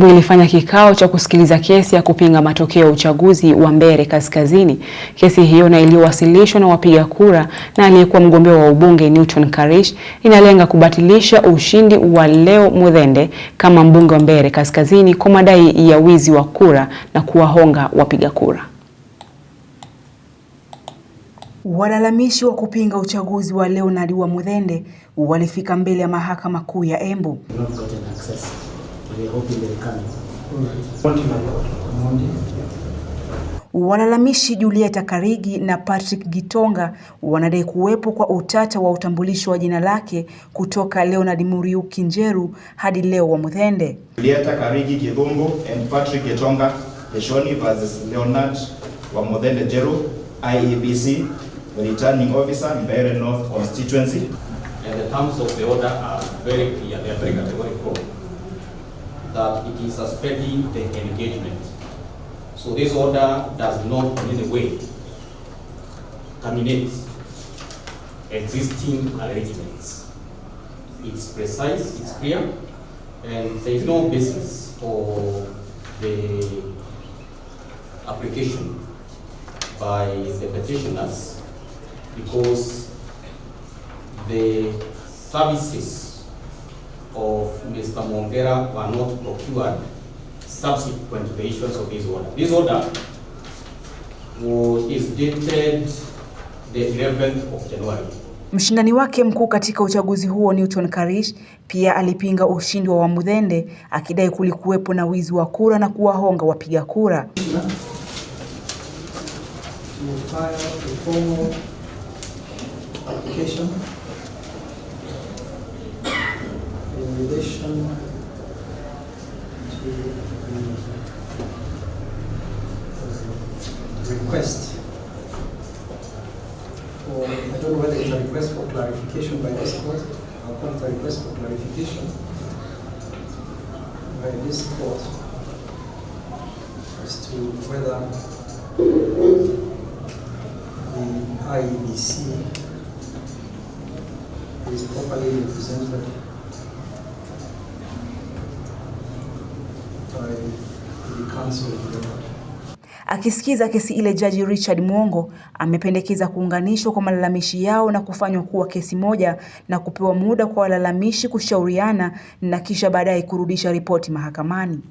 Nyumbu ilifanya kikao cha kusikiliza kesi ya kupinga matokeo ya uchaguzi wa Mbeere Kaskazini. Kesi hiyo na iliyowasilishwa na wapiga kura na aliyekuwa mgombea wa ubunge Newton Karish inalenga kubatilisha ushindi wa Leo Muthende kama mbunge wa Mbeere Kaskazini kwa madai ya wizi wa kura na kuwahonga wapiga kura. Walalamishi wa kupinga uchaguzi wa Leonard wa Muthende walifika mbele ya Mahakama Kuu ya Embu. Mm. Walalamishi Julieta Karigi na Patrick Gitonga wanadai kuwepo kwa utata wa utambulisho wa jina lake kutoka Leonard Muriuki Njeru hadi Leo wa Wamuthende. Julieta Karigi Kibungu and Patrick Gitonga Deshoni versus Leonard wa Wamuthende Njeru IEBC the returning officer Mbeere North constituency and the terms of the order are very clear they are three categories that it is suspending the engagement. So this order does not in any way terminate existing arrangements. It's precise, it's clear, and there is no basis for the application by the petitioners because the services of Mr. Mongera were not procured subsequent to the issuance of this order. This order was, is dated the 11th of January. Mshindani wake mkuu katika uchaguzi huo Newton Karish pia alipinga ushindi wa Wamuthende akidai kulikuwepo na wizi wa kura na kuwahonga wapiga kura. to request for, I don't know whether it's a request for clarification by this court, I'll call it a request for clarification by this court as to whether the IEBC is properly represented Akisikiza kesi ile, Jaji Richard Muongo amependekeza kuunganishwa kwa malalamishi yao na kufanywa kuwa kesi moja na kupewa muda kwa walalamishi kushauriana na kisha baadaye kurudisha ripoti mahakamani.